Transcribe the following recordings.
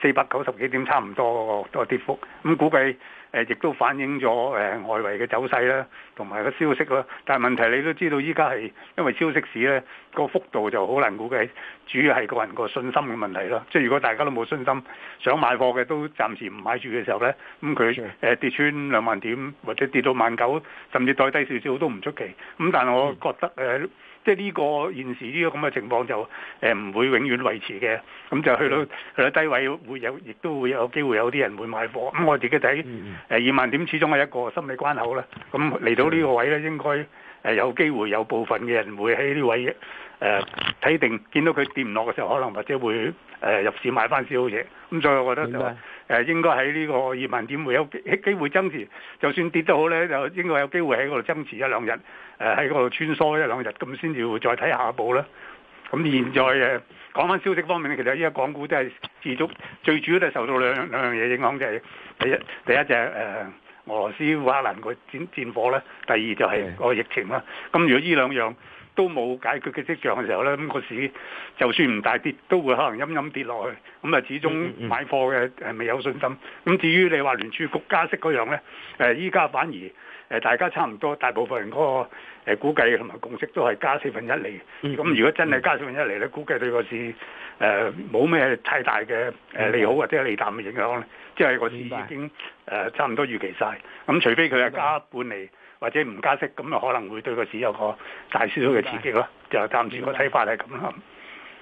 四百九十幾點差唔多，個跌幅咁估計，誒亦都反映咗誒外圍嘅走勢啦，同埋個消息啦。但係問題你都知道，依家係因為消息市，呢個幅度就好難估計，主要係個人個信心嘅問題咯。即係如果大家都冇信心想買貨嘅，都暫時唔買住嘅時候呢，咁佢誒跌穿兩萬點或者跌到萬九，甚至再低少少都唔出奇。咁但係我覺得、嗯即係呢個現時呢個咁嘅情況就誒唔會永遠維持嘅，咁就去到去到低位會有，亦都會有機會有啲人會買貨。咁我自己睇誒、嗯、二萬點始終係一個心理關口啦。咁嚟到呢個位咧，應該。誒、呃、有機會有部分嘅人會喺呢位誒睇、呃、定，見到佢跌唔落嘅時候，可能或者會誒、呃、入市買翻少嘢。咁所以我覺得就誒、呃、應該喺呢個二萬點會有機會爭持，就算跌都好咧，就應該有機會喺嗰度爭持一兩日，誒喺嗰度穿梭一兩日咁先至會再睇下一步啦。咁現在誒講翻消息方面咧，其實依家港股都係持續，最主要都係受到兩兩樣嘢影響，就係、是、第一第一隻誒。呃俄羅斯烏克蘭個戰戰火咧，第二就係個疫情啦。咁如果呢兩樣都冇解決嘅跡象嘅時候咧，咁個市就算唔大跌，都會可能陰陰跌落去。咁啊，始終買貨嘅係未有信心。咁至於你話聯儲局加息嗰樣咧，誒依家反而誒大家差唔多，大部分人嗰個。誒估計同埋共識都係加四分一厘。咁如果真係加四分一厘，咧、嗯，估計對個市誒冇咩太大嘅誒利好、嗯、或者利淡嘅影響咧、嗯，即係個市已經誒、呃、差唔多預期晒。咁除非佢係加半厘或者唔加息，咁啊可能會對個市有個大少少嘅刺激咯。就暫時個睇法係咁啦。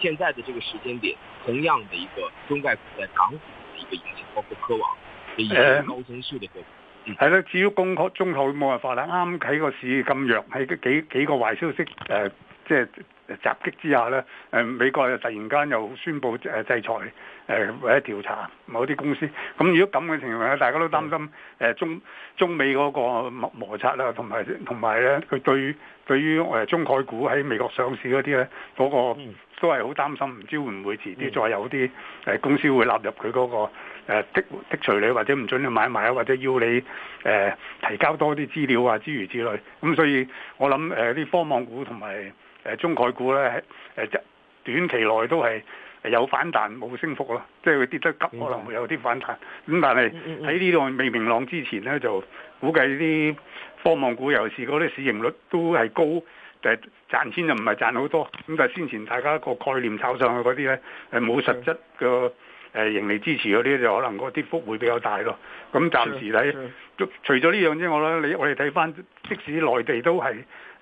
現在的這個時間點，同樣的一個中概股在港股的一個影響，包括科網，已經係高增速的個股。係啦，至於公殼中途冇辦法啦，啱啱睇個市咁弱，係幾幾個壞消息誒、呃，即係。襲擊之下呢，誒美國又突然間又宣佈誒制裁，誒或者調查某啲公司。咁如果咁嘅情況下，大家都擔心誒中中美嗰個摩擦啦、啊，同埋同埋咧佢對對於誒中概股喺美國上市嗰啲呢，嗰、嗰個都係好擔心。唔知會唔會遲啲再有啲誒公司會納入佢嗰、嗰個誒剔、呃、剔除你，或者唔准你買賣，或者要你誒、呃、提交多啲資料啊之餘之類。咁所以我諗誒啲科網股同埋。誒中概股咧，誒即短期內都係有反彈冇升幅咯，即係會跌得急可能會有啲反彈。咁、嗯、但係喺呢度，未明朗之前咧，就估計啲科網股，尤其是嗰啲市盈率都係高，誒、就係、賺錢就唔係賺好多。咁但係先前大家個概念炒上去嗰啲咧，誒冇實質嘅。誒盈利支持嗰啲就可能嗰啲幅會比較大咯。咁暫時睇、sure, sure.，除咗呢樣之外咧，你我哋睇翻，即使內地都係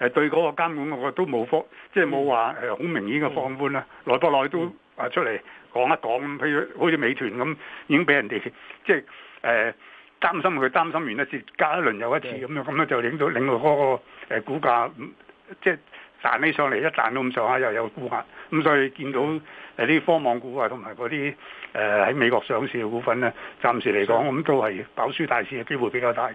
對嗰個監管，我覺得都冇放，即係冇話好明顯嘅放寬啦。Mm. 內不內來不來都啊，出嚟講一講。譬如好似美團咁，已經俾人哋即係誒擔心佢擔心完一次，隔一輪又一次咁、yeah. 樣，咁就令到令到嗰個股價即係。就是彈起上嚟一彈到咁上下又有顧客，咁所以見到呢啲科網股啊，同埋嗰啲喺美國上市嘅股份呢，暫時嚟講，我諗都係跑輸大市嘅機會比較大嘅。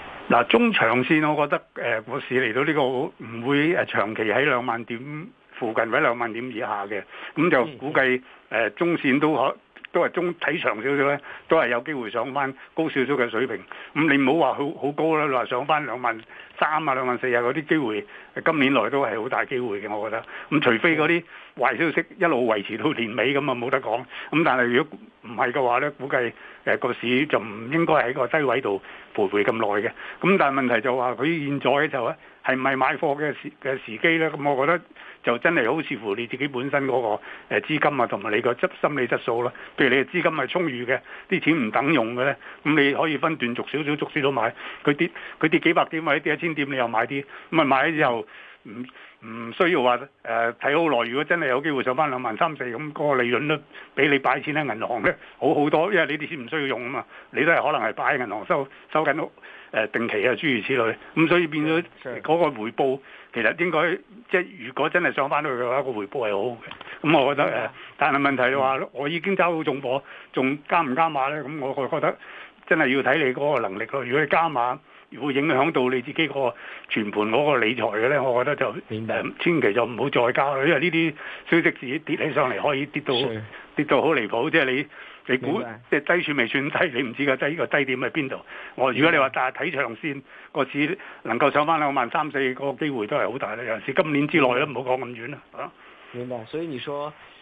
嗱、啊，中長線我覺得，誒、呃，股市嚟到呢個唔會誒長期喺兩萬點附近或者兩萬點以下嘅，咁就估計誒、呃、中線都可。都係中睇長少少呢，都係有機會上翻高少少嘅水平。咁你唔好話好好高啦，你話上翻兩萬三啊、兩萬四啊嗰啲機會，今年來都係好大機會嘅，我覺得。咁除非嗰啲壞消息一路維持到年尾，咁啊冇得講。咁但係如果唔係嘅話呢，估計誒個市就唔應該喺個低位度徘徊咁耐嘅。咁但係問題就話佢現在就咧。係唔係買貨嘅時嘅時機呢？咁我覺得就真係好視乎你自己本身嗰個誒資金啊，同埋你個執心理質素啦。譬如你嘅資金係充裕嘅，啲錢唔等用嘅呢，咁你可以分段逐少少、逐少少買。佢跌佢跌幾百點或者跌一千點，你又買啲，咁啊買咗之後唔唔需要話誒睇好耐。如果真係有機會上翻兩萬三四，咁嗰個利潤都比你擺錢喺銀行呢好好多，因為你啲錢唔需要用啊嘛，你都係可能係擺喺銀行收收緊到。誒、呃、定期啊諸如此類，咁、嗯、所以變咗嗰個回報、sure. 其實應該即係如果真係上翻去嘅話，嗰個回報係好好嘅。咁、嗯、我覺得、呃 yeah. 但係問題就話、yeah. 我已經揸好重貨，仲加唔加碼咧？咁、嗯、我覺得真係要睇你嗰個能力咯。如果加碼如果影響到你自己嗰個全盤嗰個理財嘅咧，我覺得就、yeah. 呃、千祈就唔好再加啦，因為呢啲消息市跌起上嚟可以跌到、sure. 跌到好離譜，即係你。你估即係低處未算低，你唔知㗎，低呢個低點喺邊度？我說如果你話但係睇長線，個市能夠上翻兩萬三四，個機會都係好大咧。尤其是今年之內都唔好講咁遠啦，嚇。明白，所以你說。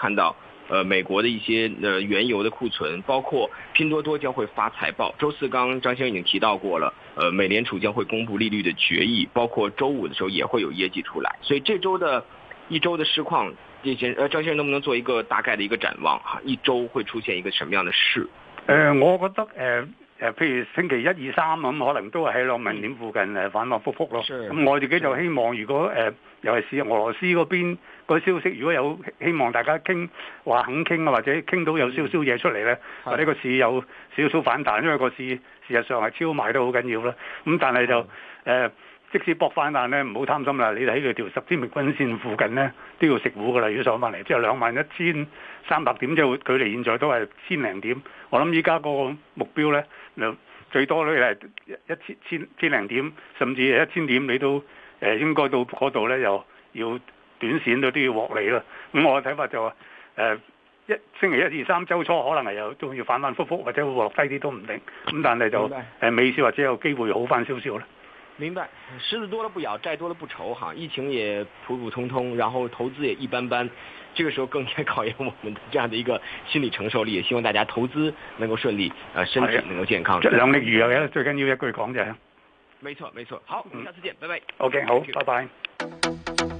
看到，呃，美國的一些呃原油的庫存，包括拼多多將會發財報。周四剛張先生已經提到過了，呃，美聯儲將會公布利率的決議，包括周五的時候也會有業績出來。所以這周的一周的市況，這些，呃，張先生能不能做一個大概的一個展望哈、啊？一周會出現一個什麼樣的事？誒、呃，我覺得誒誒、呃，譬如星期一二三咁、嗯，可能都係喺咯民點附近誒、嗯嗯、反反复覆咯。咁、嗯、我自己就希望如果誒、呃，尤其是俄羅斯嗰邊。那個消息如果有希望大家傾話，肯傾啊，或者傾到有少少嘢出嚟呢，或、嗯、者個市有少少反彈，因為個市事實上係超賣得好緊要啦。咁但係就誒、呃，即使搏反彈呢，唔好貪心啦。你喺條十天平均線附近呢，都要食糊噶啦。如果上翻嚟，即係兩萬一千三百點，即係距離現在都係千零點。我諗依家個目標呢，最多呢係一千千零點，甚至一千點，你都誒、呃、應該到嗰度呢，又要。短線都都要獲利咯，咁我嘅睇法就話、呃、一星期一二三週初可能係有仲要反反覆覆或者會落低啲都唔定，咁但係就誒尾市、呃、或者有機會好翻少少啦。明白，蝨子多了不咬，債多了不愁，哈！疫情也普普通通，然後投資也一般般，這個時候更加考驗我們這樣的一個心理承受力，也希望大家投資能夠順利，啊身體能夠健康。兩力語要最緊要一句講啫、就是。冇錯冇錯，好、嗯，下次見，拜拜。OK，好，拜拜。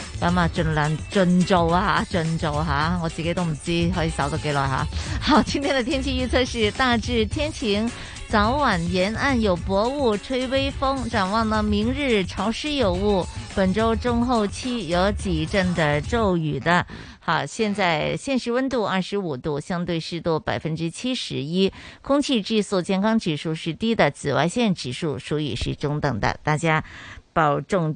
咁、嗯、啊，盡量盡做啊，盡做哈，我自己都唔知可以守到幾耐哈，好，今天的天氣預測是大致天晴，早晚沿岸有薄霧，吹微風。展望呢，明日潮濕有霧，本周中後期有幾陣的驟雨的。好，現在現時温度二十五度，相對濕度百分之七十一，空氣質素健康指數是低的，紫外線指數屬於是中等的，大家保重。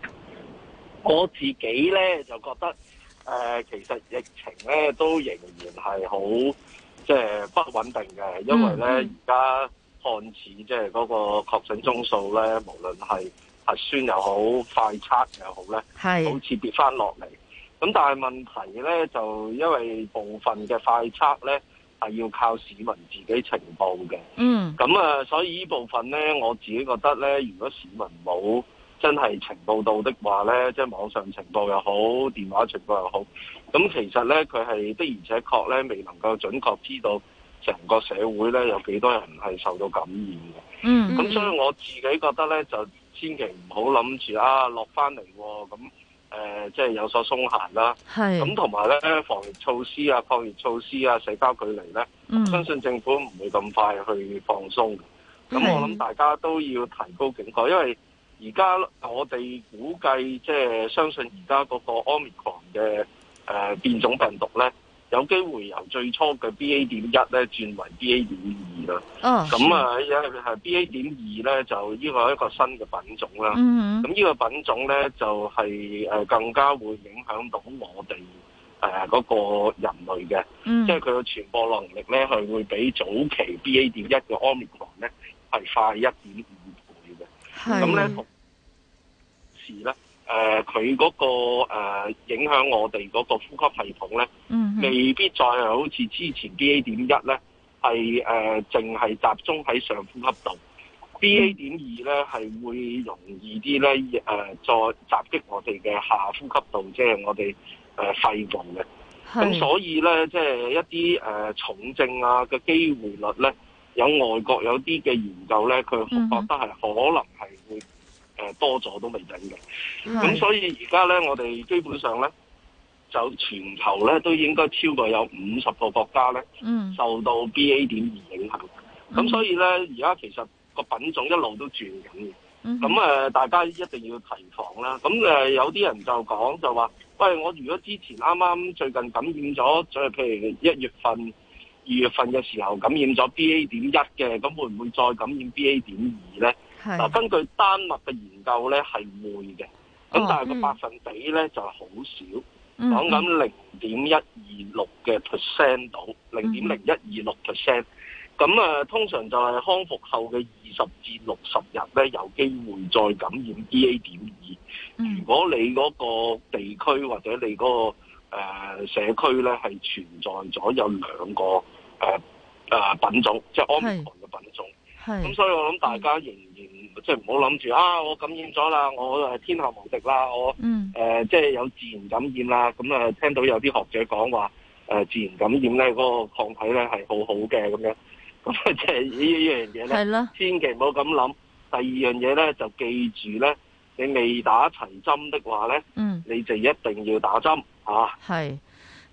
我自己咧就覺得，誒、呃，其實疫情咧都仍然係好即係不穩定嘅，因為咧而家看似即係嗰個確診宗數咧，無論係核酸又好、快測又好咧，係好似跌翻落嚟。咁但係問題咧，就因為部分嘅快測咧係要靠市民自己呈報嘅。嗯。咁啊，所以呢部分咧，我自己覺得咧，如果市民冇，真係情報到的話呢，即係網上情報又好，電話情報又好，咁其實呢，佢係的而且確呢未能夠準確知道成個社會呢有幾多人係受到感染嘅。嗯，咁所以我自己覺得呢，就千祈唔好諗住啊落翻嚟喎，咁即係有所鬆懈啦。係，咁同埋呢，防疫措施啊、抗疫措施啊、社交距離呢，mm -hmm. 我相信政府唔會咁快去放鬆。咁我諗大家都要提高警覺，因為而家我哋估計，即係相信而家嗰個奧密克嘅誒變種病毒咧，有機會由最初嘅 B A 點一咧轉為 B A 點二啦。哦，咁啊，一係 B A 點二咧就依個係一個新嘅品種啦。Mm-hmm. 咁依個品種咧就係誒更加會影響到我哋誒嗰個人類嘅。Mm -hmm. 即係佢嘅傳播能力咧，係會比早期 B A 點一嘅奧密克咧係快一點五倍嘅。係。咁咧。咧，誒佢嗰個誒影響我哋嗰個呼吸系統咧，未必再係好似之前 B A 點一咧，係誒淨係集中喺上呼吸道。B A 點二咧，係會容易啲咧誒，再襲擊我哋嘅下呼吸道，即係我哋誒肺部嘅。咁所以咧，即係一啲誒重症啊嘅機會率咧，有外國有啲嘅研究咧，佢覺得係可能係會。誒多咗都未整嘅，咁所以而家咧，我哋基本上咧，就全球咧都應該超過有五十個國家咧，嗯、受到 BA 點二影響。咁、嗯、所以咧，而家其實個品種一路都轉緊嘅。咁、嗯、誒，大家一定要提防啦。咁誒，有啲人就講就話，喂，我如果之前啱啱最近感染咗，即係譬如一月份、二月份嘅時候感染咗 BA 點一嘅，咁會唔會再感染 BA 點二咧？嗱，根據丹麥嘅研究咧，係會嘅，咁但係個百分比咧就好少，講緊零點一二六嘅 percent 到零點零一二六 percent。咁啊、嗯嗯，通常就係康復後嘅二十至六十日咧，有機會再感染 E A 點二。嗯 2. 如果你嗰個地區或者你嗰個社區咧，係存在咗有兩個誒誒品種，即係 Omicron 嘅品種，咁所以我諗大家仍。即係唔好諗住啊，我感染咗啦，我誒天下無敵啦，我誒即係有自然感染啦。咁、嗯、啊，聽到有啲學者講話誒，自然感染咧嗰、那個抗體咧係好好嘅咁樣。咁啊，即係呢一樣嘢咧，千祈唔好咁諗。第二樣嘢咧就記住咧，你未打齊針的話咧、嗯，你就一定要打針啊。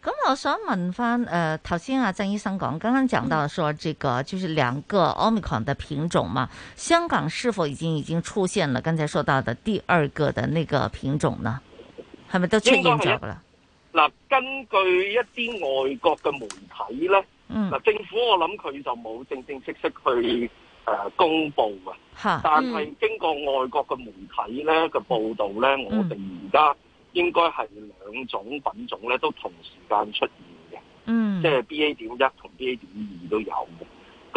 咁我想問翻，誒頭先阿鄭醫生講，剛剛講到說，這個就是兩個 omicron 的品種嘛，香港是否已經已經出現了剛才說到的第二個的那個品種呢？係咪都出現咗啦？嗱，根據一啲外國嘅媒體咧，嗱、嗯、政府我諗佢就冇正正式式去誒、呃、公布啊、嗯，但係經過外國嘅媒體咧嘅報道咧、嗯，我哋而家。應該係兩種品種咧，都同時間出現嘅，嗯，即係 BA 點一同 BA 點二都有嘅。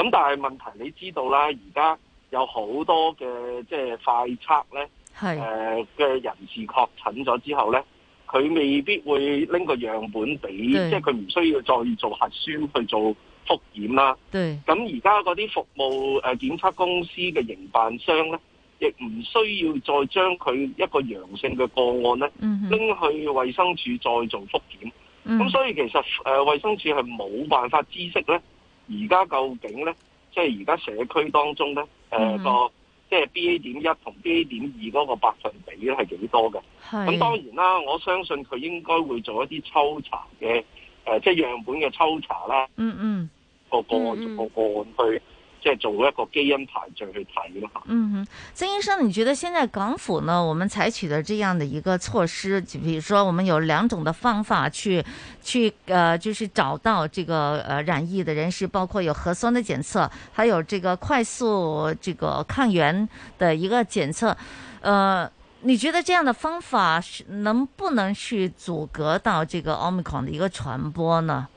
咁但係問題你知道啦，而家有好多嘅即係快測咧，係誒嘅人士確診咗之後咧，佢未必會拎個樣本俾，即係佢唔需要再做核酸去做複檢啦。對，咁而家嗰啲服務誒檢測公司嘅營辦商咧，亦唔需要再將佢一個陽性嘅個案咧，拎、mm -hmm. 去衛生署再做復檢。咁、mm -hmm. 所以其實誒、呃，衛生署係冇辦法知識咧，而家究竟咧，即係而家社區當中咧，呃 mm -hmm. 個即係、就是、BA 點一同 BA 點二嗰個百分比咧係幾多嘅？咁當然啦，我相信佢應該會做一啲抽查嘅誒，即、呃、係、就是、樣本嘅抽查啦。Mm -hmm. 個個案，mm -hmm. 個個案去。即、就、係、是、做一個基因排序去睇咯，吓。嗯哼，曾醫生，你覺得現在港府呢，我們採取的這樣的一個措施，就比如說我們有兩種的方法去去，呃，就是找到這個呃染疫的人士，包括有核酸的檢測，還有這個快速這個抗原的一個檢測。呃，你覺得這樣的方法是能不能去阻隔到這個 Omicron 的一個傳播呢？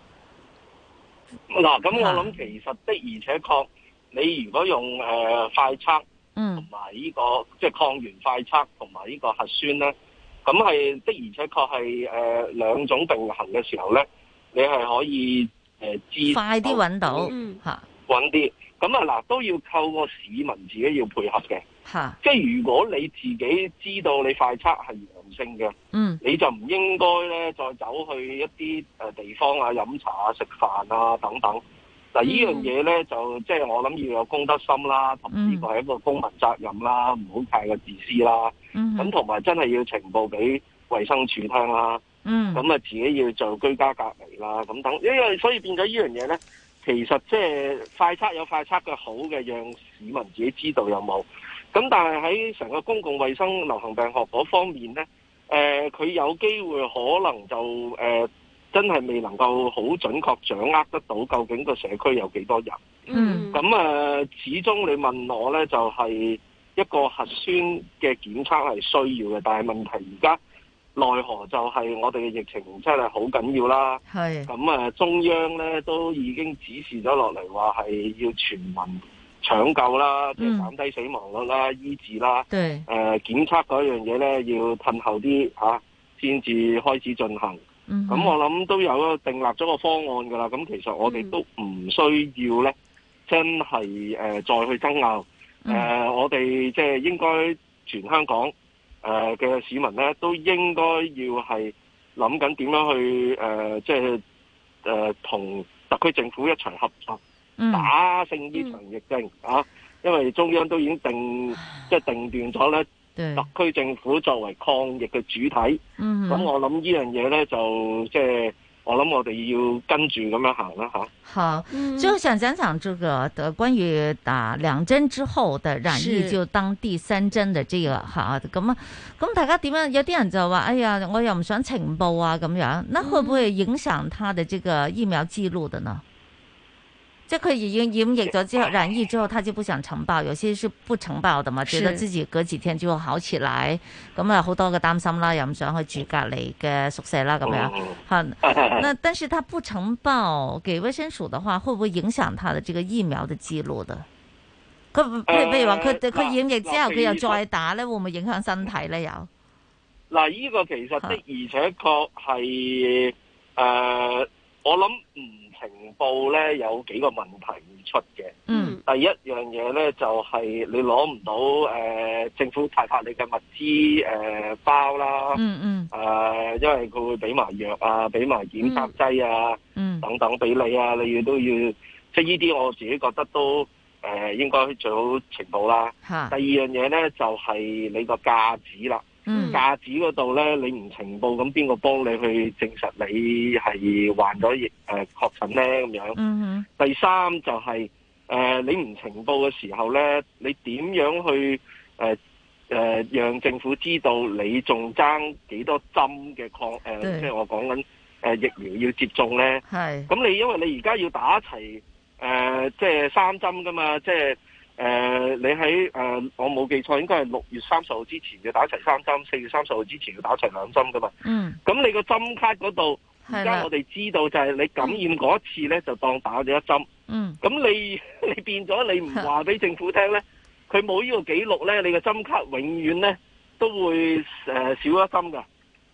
嗱、啊，咁我諗其實的而且確。你如果用誒快測和、這個，嗯，同埋呢個即係抗原快測，同埋呢個核酸咧，咁係的而且確係誒、呃、兩種並行嘅時候咧，你係可以誒、呃、快啲揾到，嚇、嗯，穩啲。咁啊嗱，都要透過市民自己要配合嘅，嚇。即係如果你自己知道你快測係陽性嘅，嗯，你就唔應該咧再走去一啲誒地方啊、飲茶啊、食飯啊等等。嗱呢樣嘢咧就即係、就是、我諗要有公德心啦，mm -hmm. 同呢個係一個公民責任啦，唔好太過自私啦。咁同埋真係要呈報俾衛生署聽啦。咁、mm、啊 -hmm. 自己要做居家隔離啦，咁等，等。因為所以變咗呢樣嘢咧，其實即係快測有快測嘅好嘅，讓市民自己知道有冇。咁但係喺成個公共衛生流行病學嗰方面咧，佢、呃、有機會可能就、呃真係未能夠好準確掌握得到究竟個社區有幾多人。嗯。咁誒，始終你問我呢，就係一個核酸嘅檢測係需要嘅，但係問題而家奈何就係我哋嘅疫情真係好緊要啦。係。咁中央呢，都已經指示咗落嚟話係要全民搶救啦，即係減低死亡率啦、嗯、醫治啦。對。誒，檢測嗰樣嘢呢，要褪後啲吓，先至開始進行。咁我諗都有定一個訂立咗個方案噶啦，咁其實我哋都唔需要咧，真係誒再去爭拗誒、mm -hmm. 呃，我哋即係應該全香港誒嘅市民咧，都應該要係諗緊點樣去誒，即係誒同特區政府一齊合作，打勝呢場疫症、mm -hmm. 啊！因為中央都已經定即係、就是、定斷咗咧。對特區政府作為抗疫嘅主體，嗯，咁我諗呢樣嘢咧就即係我諗我哋要跟住咁樣行啦吓。好，最後想講講這個的關於打兩針之後的染疫就當第三針的這個，好咁啊，咁大家點樣？有啲人就話，哎呀，我又唔想情報啊咁樣，那會唔會影響他的這個疫苗記錄的呢？即係佢要染疫咗之後，染疫之後，他就不想呈報，有些是不呈報的嘛，覺得自己隔幾天就會好起來，咁啊，好多嘅擔心啦，又唔想去住隔離嘅宿舍啦，咁樣，係，那但是他不呈報給衛生署的話，會不會影響他的這個疫苗的記錄啊？佢譬如話佢佢染疫之後，佢又再打呢，會唔會影響身體呢？又嗱，呢個其實的，而且確係誒，我諗情報咧有幾個問題出嘅、嗯，第一樣嘢咧就係、是、你攞唔到誒、呃、政府派發你嘅物資誒、呃、包啦，嗯嗯，啊、呃，因為佢會俾埋藥啊，俾埋檢測劑啊、嗯嗯，等等俾你啊，你要都要即係呢啲，我自己覺得都誒、呃、應該最好情報啦。第二樣嘢咧就係、是、你個價值啦。價、嗯、值嗰度咧，你唔呈報，咁邊個幫你去證實你係患咗疫誒確診咧？咁、呃、樣、嗯，第三就係、是、誒、呃，你唔呈報嘅時候咧，你點樣去誒誒、呃呃、讓政府知道你仲爭幾多針嘅抗誒？即係我講緊誒疫苗要接種咧。係咁你，因為你而家要打齊誒，即、呃、係、就是、三針㗎嘛，即係。誒、呃，你喺誒、呃，我冇記錯，應該係六月三十號之前要打齊三針，四月三十號之前要打齊兩針噶嘛。嗯。咁你個針卡，嗰度，而家我哋知道就係你感染嗰一次咧，就當打咗一針。嗯。咁你你變咗你唔話俾政府聽咧，佢、嗯、冇呢個記錄咧，你嘅針卡永遠咧都會誒、呃、少一針噶。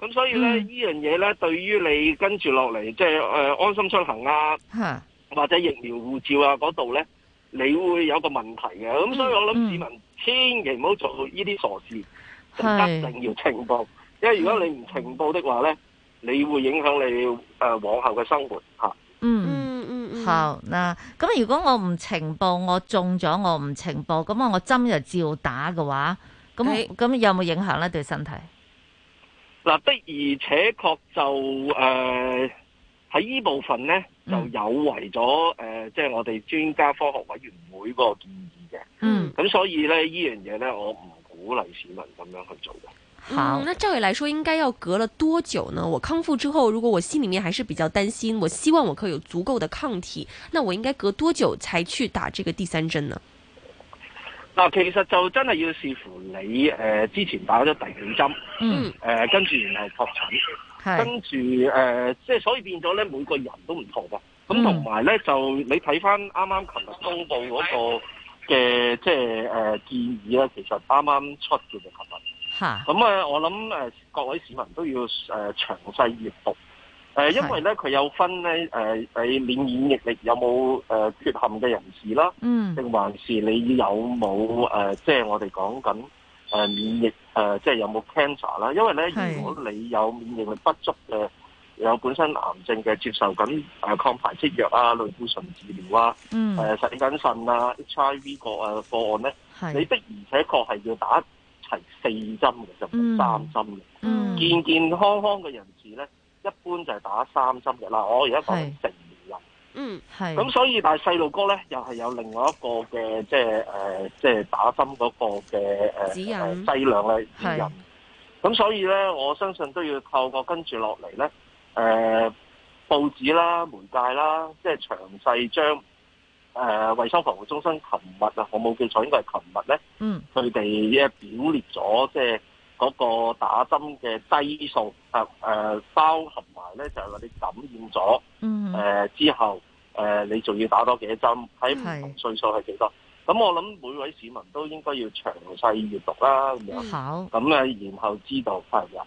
咁所以咧，嗯、呢樣嘢咧，對於你跟住落嚟，即係誒安心出行啊、嗯，或者疫苗護照啊嗰度咧。你會有個問題嘅，咁所以我諗市民千祈唔好做呢啲傻事，一、嗯、定、嗯、要情報，因為如果你唔情報的話呢、嗯、你會影響你誒、呃、往後嘅生活吓。嗯嗯嗯，好嗱，咁如果我唔情報，我中咗我唔情報，咁啊我針就照打嘅話，咁咁有冇影響呢對身體？嗱的而且確就誒喺呢部分呢。就有違咗誒，即係我哋專家科學委員會個建議嘅。嗯，咁所以咧，呢樣嘢咧，我唔鼓勵市民咁樣去做嘅。好，那照理來說，應該要隔了多久呢？我康復之後，如果我心裏面還是比較擔心，我希望我可以有足夠的抗體，那我應該隔多久才去打這個第三針呢？嗱，其實就真係要視乎你誒之前打咗第幾針。嗯。誒，跟住然後確診。跟住誒，即、呃、係所以變咗咧，每個人都唔同喎。咁同埋咧，就你睇翻啱啱琴日公布嗰個嘅即係誒建議咧，其實啱、就、啱、是呃、出嘅咪琴日。嚇！咁啊、嗯，我諗、呃、各位市民都要、呃、詳細閱讀、呃、因為咧佢有分咧誒免免疫力有冇、呃、缺陷嘅人士啦，嗯，定還是你有冇誒？即係我哋講緊誒免疫。誒、呃，即係有冇 cancer 啦？因為咧，如果你有免疫力不足嘅，有、呃、本身癌症嘅接受緊誒抗排斥藥啊、類固醇治療啊、誒細菌性啊、HIV 個誒個案咧，你的而且確係要打齊四針嘅，就、嗯、唔係三針嘅、嗯。健健康康嘅人士咧，一般就係打三針嘅啦。我而家講成。嗯，係。咁所以，但係細路哥咧，又係有另外一個嘅，即係誒，即、呃、係、呃、打針嗰個嘅誒劑量嘅指引。咁、呃呃呃、所以咧，我相信都要透過跟住落嚟咧，誒、呃、報紙啦、媒介啦，即係詳細將誒衞、呃、生服務中心琴日啊，我冇記錯應該係琴日咧，佢哋一表列咗即係。嗰、那個打針嘅劑數，嚇、呃、誒包含埋咧就係、是、話你感染咗，誒、嗯呃、之後誒、呃、你仲要打多幾針，喺唔同歲數係幾多？咁我諗每位市民都應該要詳細閱讀啦，咁樣，咁咧然後知道係啊。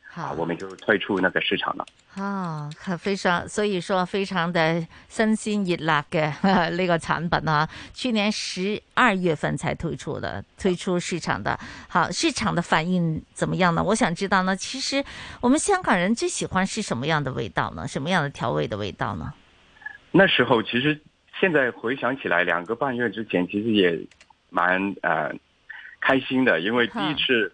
好，我們就退出那個市場了。啊，非常，所以說非常的新鮮熱辣嘅那個產品啊，去年十二月份才推出的，推出市場的。好，市場的反應怎麼樣呢？我想知道呢，其實我們香港人最喜歡是什麼樣的味道呢？什麼樣的調味的味道呢？那時候其實，現在回想起來，兩個半月之前，其實也蠻呃開心的，因為第一次。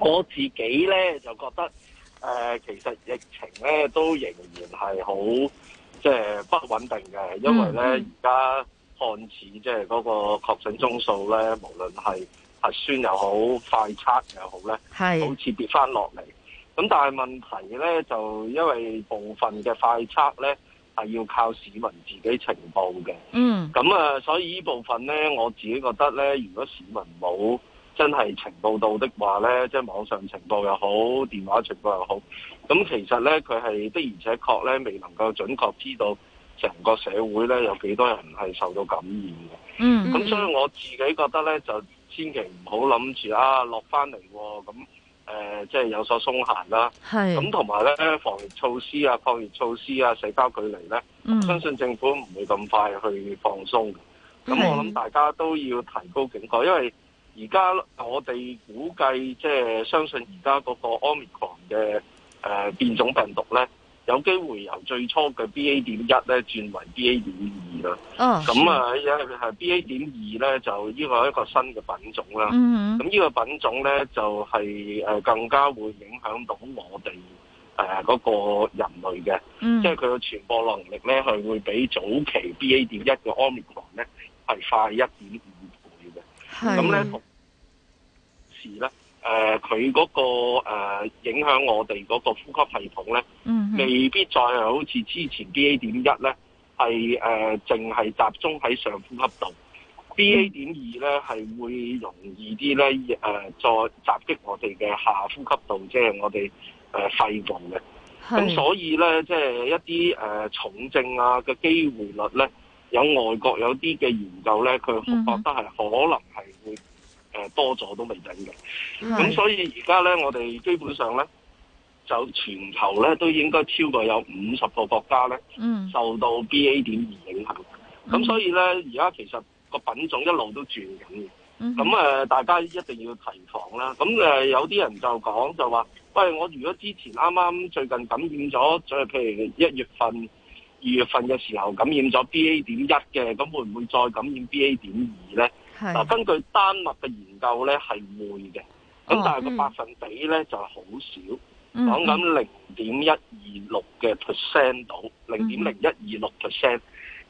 我自己咧就覺得，誒、呃，其實疫情咧都仍然係好即係不穩定嘅，因為咧而家看似即係嗰個確診宗數咧，無論係核酸又好、快測又好咧，係好似跌翻落嚟。咁但係問題咧，就因為部分嘅快測咧係要靠市民自己呈報嘅，嗯，咁啊，所以呢部分咧，我自己覺得咧，如果市民冇真係情報到的話呢，即係網上情報又好，電話情報又好，咁其實呢，佢係的而且確呢，未能夠準確知道成個社會呢有幾多人係受到感染嘅。嗯，咁所以我自己覺得呢，就千祈唔好諗住啊落翻嚟喎，咁、啊呃、即係有所鬆懈啦。咁同埋呢，防疫措施啊、抗疫措施啊、社交距離呢、mm -hmm. 我相信政府唔會咁快去放鬆嘅。咁我諗大家都要提高警覺，因為而家我哋估計，即、就、係、是、相信而家嗰個 Omicron 嘅誒變種病毒咧，有機會由最初嘅 B A 點一咧轉為 B A 點二啦。咁、oh, 啊、嗯，因 B A 點二咧，就呢個係一個新嘅品種啦。咁、mm、呢 -hmm. 個品種咧，就係、是、誒更加會影響到我哋誒嗰個人類嘅。Mm -hmm. 即係佢嘅傳播能力咧，係會比早期 B A 點一嘅 Omicron 咧係快一點五倍嘅。咁咧。是、呃、咧，誒佢嗰個、呃、影響我哋嗰個呼吸系統咧，mm -hmm. 未必再係好似之前 B A 點一咧，係誒淨係集中喺上呼吸道 B A 點二咧，係、mm -hmm. 會容易啲咧，誒、呃、再襲擊我哋嘅下呼吸道，即、就、係、是、我哋誒肺部嘅。咁、mm -hmm. 所以咧，即、就、係、是、一啲誒、呃、重症啊嘅機會率咧，有外國有啲嘅研究咧，佢覺得係可能係會。誒多咗都未準嘅，咁所以而家咧，我哋基本上咧，就全球咧都應該超過有五十個國家咧、嗯、受到 BA 點二影響，咁、嗯、所以咧，而家其實個品種一路都轉緊嘅，咁、嗯、誒、呃、大家一定要提防啦。咁誒、呃、有啲人就講就話，喂，我如果之前啱啱最近感染咗，即係譬如一月份、二月份嘅時候感染咗 BA 點一嘅，咁會唔會再感染 BA 點二咧？嗱，根據丹麥嘅研究咧，係會嘅，咁但係個百分比咧就係好少，講緊零點一二六嘅 percent 到零點零一二六 percent。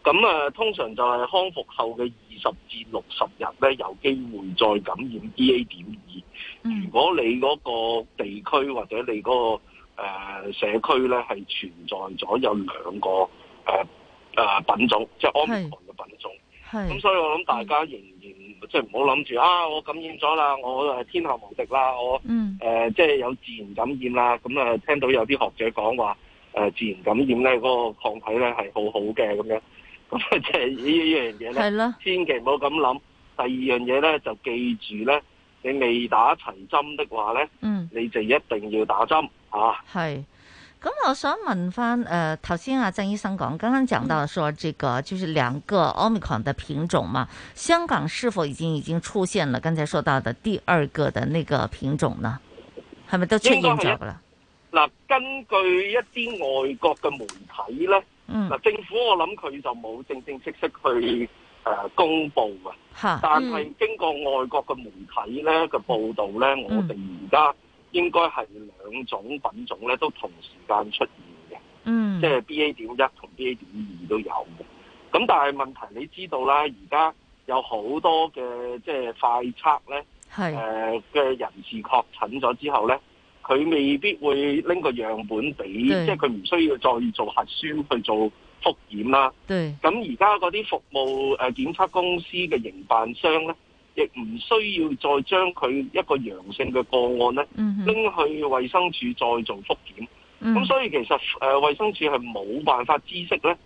咁啊、嗯嗯，通常就係康復後嘅二十至六十日咧，有機會再感染 EA 點二。嗯 2. 如果你嗰個地區或者你嗰個社區咧，係存在咗有兩個誒誒品種，即係 Omicron 嘅品種，咁所以我諗大家仍。即係唔好諗住啊，我感染咗啦，我誒天下無敵啦，我誒即係有自然感染啦。咁、嗯、啊，聽到有啲學者講話誒，自然感染咧，嗰、那個抗體咧係好好嘅咁樣。咁啊，即係呢樣嘢咧，千祈唔好咁諗。第二樣嘢咧，就記住咧，你未打齊針的話咧、嗯，你就一定要打針啊。是咁我想問翻誒頭先阿，曾醫生講，剛剛講到說，這個就是兩個 omicron 的品種嘛，香港是否已經已經出現了剛才說到的第二個的那個品種呢？係咪都出現咗啦？嗱，根據一啲外國嘅媒體咧，嗱，政府我諗佢就冇正正式式去誒、呃、公佈啊，但係經過外國嘅媒體咧嘅報道咧，我哋而家，應該係兩種品種咧，都同時間出現嘅，嗯，即係 B A 點一同 B A 點二都有。咁但係問題你知道啦，而家有好多嘅即係快測咧，係誒嘅人士確診咗之後咧，佢未必會拎個樣本俾，即係佢唔需要再做核酸去做覆檢啦。咁而家嗰啲服務誒檢測公司嘅營辦商咧，亦唔需要再將佢一個陽性嘅個案咧，拎、mm -hmm. 去衛生署再做復檢。咁、mm -hmm. 所以其實誒、呃，衛生署係冇辦法知識咧，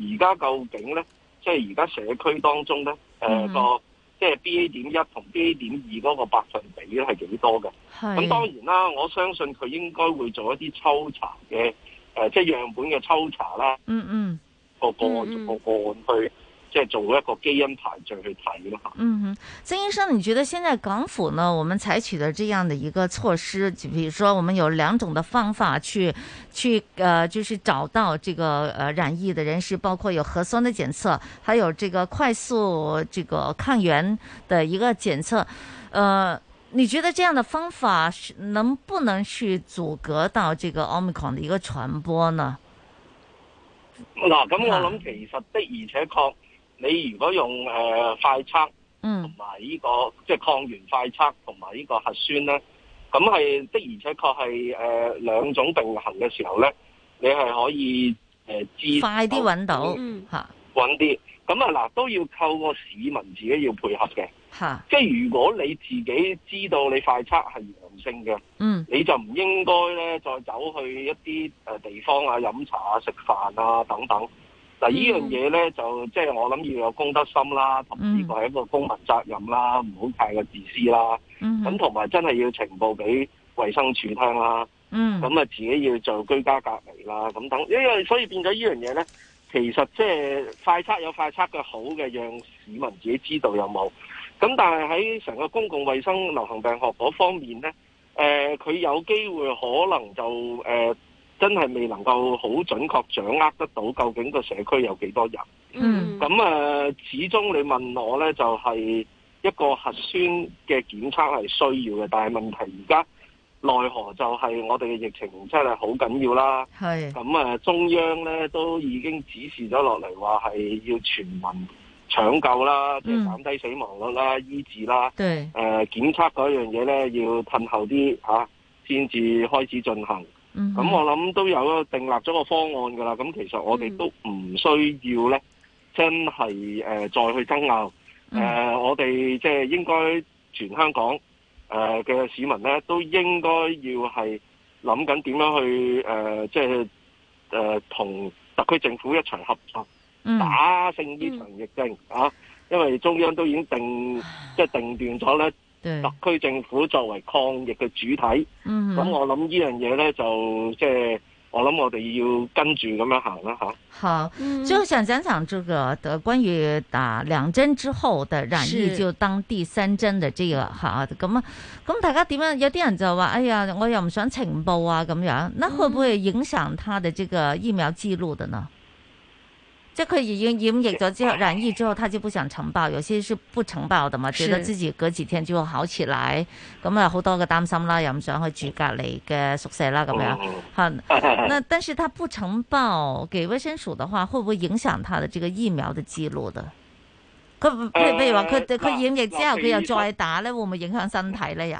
而家究竟咧，即係而家社區當中咧，誒、呃 mm -hmm. 嗰個即係、就是、B A 點一同 B A 點二嗰個百分比咧係幾多嘅？咁、mm -hmm. 當然啦，我相信佢應該會做一啲抽查嘅誒，即、呃、係、就是、樣本嘅抽查啦。嗯嗯，個個案，個個案去。即係做一個基因排序去睇咯，嗯哼，曾醫生，你覺得現在港府呢，我們採取的這樣的一個措施，就比如說我們有兩種的方法去去，呃，就是找到這個呃染疫的人士，包括有核酸的檢測，還有這個快速這個抗原的一個檢測。呃，你覺得這樣的方法是能不能去阻隔到這個 Omicron 的一個傳播呢？嗱、啊，咁我諗其實的而且確。你如果用誒快測、這個，嗯，同埋呢個即係抗原快測，同埋呢個核酸咧，咁係的而且確係誒、呃、兩種並行嘅時候咧，你係可以誒、呃、快啲揾到，嚇揾啲。咁啊嗱，都要透過市民自己要配合嘅，嚇、啊。即係如果你自己知道你快測係陽性嘅，嗯，你就唔應該咧再走去一啲誒地方啊、飲茶啊、食飯啊等等。嗱，呢樣嘢咧就即係我諗要有公德心啦，同埋呢個係一個公民責任啦，mm-hmm. 唔好太過自私啦。咁同埋真係要情報俾衛生署聽啦。咁啊，自己要做居家隔離啦，咁等，等。因為所以變咗呢樣嘢咧，其實即係快測有快測嘅好嘅，讓市民自己知道有冇。咁但係喺成個公共衞生流行病學嗰方面咧，佢、呃、有機會可能就、呃真係未能夠好準確掌握得到究竟個社區有幾多人。嗯，咁啊，始終你問我呢，就係、是、一個核酸嘅檢測係需要嘅，但係問題而家奈何就係我哋嘅疫情真係好緊要啦。係，咁啊，中央呢，都已經指示咗落嚟話係要全民搶救啦，即係減低死亡率啦、醫治啦。對，誒、呃，檢測嗰樣嘢呢，要褪後啲嚇，先、啊、至開始進行。咁、嗯、我諗都有個訂立咗個方案噶啦，咁其實我哋都唔需要咧、嗯，真係誒、呃、再去爭拗誒、嗯呃，我哋即係應該全香港誒嘅、呃、市民咧，都應該要係諗緊點樣去誒即係誒同特區政府一齊合作，打勝呢場疫症、嗯、啊、嗯，因為中央都已經定即係、即係、定斷咗咧。對特區政府作為抗疫嘅主體，嗯，咁我諗呢樣嘢咧就即係我諗我哋要跟住咁樣行啦吓。好，嗯，最後想講講這個的關於打兩針之後的染疫就當第三針的這個，好咁啊，咁大家點樣？有啲人就話，哎呀，我又唔想情報啊咁樣，那會唔會影響他的這個疫苗記錄的呢？嗯即係佢已經染疫咗之後，染疫之後，他就不想呈報，有些是不呈報的嘛，覺得自己隔幾天就會好起來，咁啊，好多嘅擔心啦，又唔想去住隔離嘅宿舍啦，咁樣，係。那但是他不呈報給衛生署的話，他他 right、會不會影響他的這個疫苗的記錄的？佢譬如譬如話，佢佢染疫之後，佢又再打呢，會唔會影響身體呢？有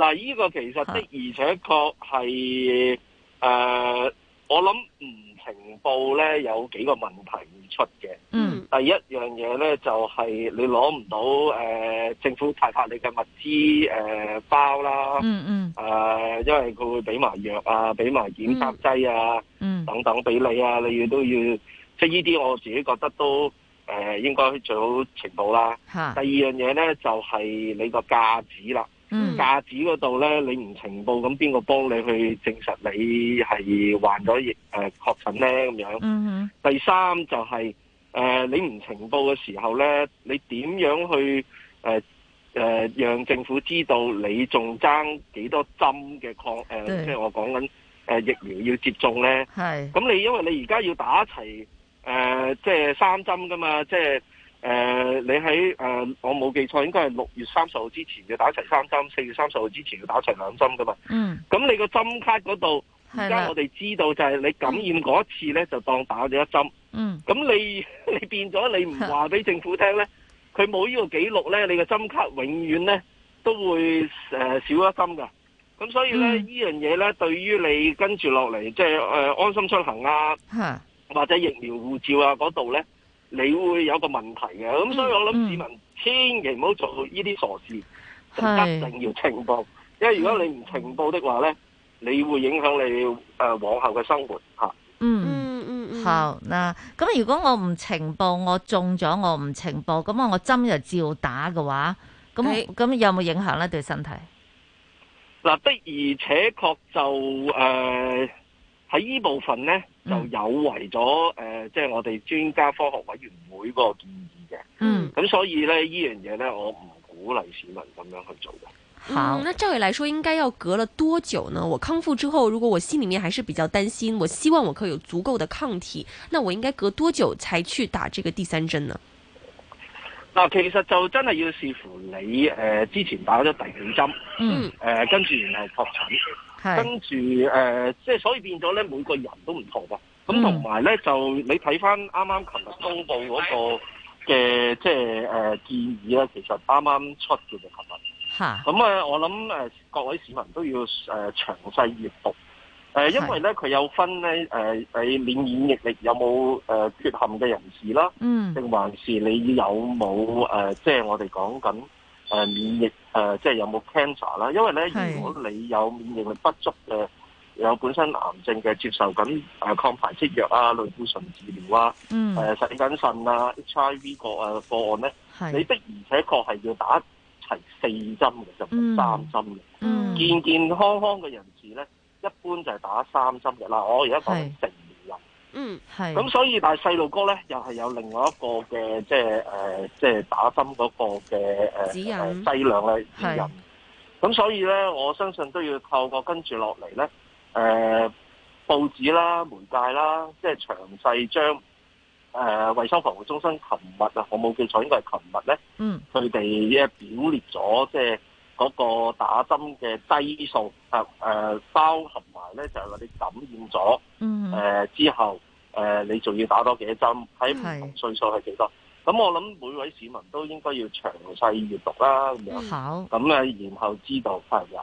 嗱，呢個其實的實 much、呃，而且確係誒，我諗唔。情報咧有幾個問題出嘅，嗯，第一樣嘢咧就係、是、你攞唔到誒，呃、政府派發你嘅物資誒包啦，因為佢會俾埋藥啊，俾埋檢測劑啊，嗯嗯，等等俾你啊，你要都要即係呢啲，我自己覺得都誒，呃、應該最好情報啦。第二樣嘢咧就係、是、你個價值啦。價、嗯、值嗰度咧，你唔呈報，咁邊個幫你去證實你係患咗疫誒確診咧？咁、呃、樣、嗯。第三就係、是、誒、呃，你唔呈報嘅時候咧，你點樣去誒誒、呃呃、讓政府知道你仲爭幾多針嘅抗誒？即係我講緊誒疫苗要接種咧。係。咁你因為你而家要打齊誒，即、呃、係、就是、三針噶嘛，即係。誒、呃，你喺誒、呃，我冇記錯，應該係六月三十號之前要打齊三針，四月三十號之前要打齊兩針噶嘛。嗯。咁你個針卡嗰度，而家我哋知道就係你感染嗰一次咧，就當打咗一針。嗯。咁你你變咗你唔話俾政府聽咧，佢冇呢個記錄咧，你嘅針卡永遠咧都會誒、呃、少一針噶。咁所以咧呢樣嘢咧，對於你跟住落嚟即係誒安心出行啊，或者疫苗護照啊嗰度咧。你會有個問題嘅，咁所以我諗市民千祈唔好做呢啲傻事，一、嗯、定、嗯、要呈報，因為如果你唔呈報的話呢，你會影響你誒、呃、往後嘅生活吓。嗯嗯嗯，好嗱，咁如果我唔呈報，我中咗我唔呈報，咁啊我針又照打嘅話，咁咁有冇影響呢對身體？嗱，的而且確就誒喺呢部分呢。就有為咗即係我哋專家科學委員會嗰個建議嘅，嗯，咁所以咧呢樣嘢咧，我唔鼓勵市民咁樣去做嘅。好、嗯，那照理來說，應該要隔了多久呢？我康復之後，如果我心裏面還是比較擔心，我希望我可以有足夠的抗體，那我應該隔多久才去打這個第三針呢？嗱，其實就真係要視乎你、呃、之前打咗第幾針，嗯，誒跟住然後確診。跟住誒，即、呃、係所以變咗咧，每個人都唔同喎。咁同埋咧，就你睇返啱啱琴日公布嗰個嘅即係誒建議咧，其實啱、就、啱、是呃、出嘅就琴日。咁、啊、我諗、呃、各位市民都要誒、呃、詳細閱讀誒、呃，因為咧佢有分咧誒喺免免疫力有冇誒、呃、缺陷嘅人士啦，嗯，定還是你有冇誒？即、呃、係、就是、我哋講緊誒免疫。誒、呃，即係有冇 cancer 啦？因為咧，如果你有免疫力不足嘅，有、呃、本身癌症嘅接受緊、呃、抗排斥藥啊、類固醇治療啊、誒洗腎啊、HIV 個誒個案咧，你的而且確係要打齊四針嘅，就、嗯、唔係三針嘅、嗯。健健康康嘅人士咧，一般就係打三針嘅啦。我而家講成。嗯，係。咁所以，但係細路哥咧，又係有另外一個嘅，即係誒，即、呃、係、呃、打針嗰個嘅誒劑量嘅指引。咁、呃呃、所以咧，我相信都要透過跟住落嚟咧，誒、呃、報紙啦、媒介啦，即係詳細將誒衞、呃、生防護中心琴日啊，我冇記錯應該係琴日咧，佢哋一表列咗即係。嗰、那個打針嘅劑數，啊、呃、包含埋咧就係、是、話你感染咗，誒、呃、之後誒、呃、你仲要打多幾針，喺唔同歲數係幾多？咁我諗每位市民都應該要詳細閱讀啦，咁樣，咁咧然後知道，係嘛。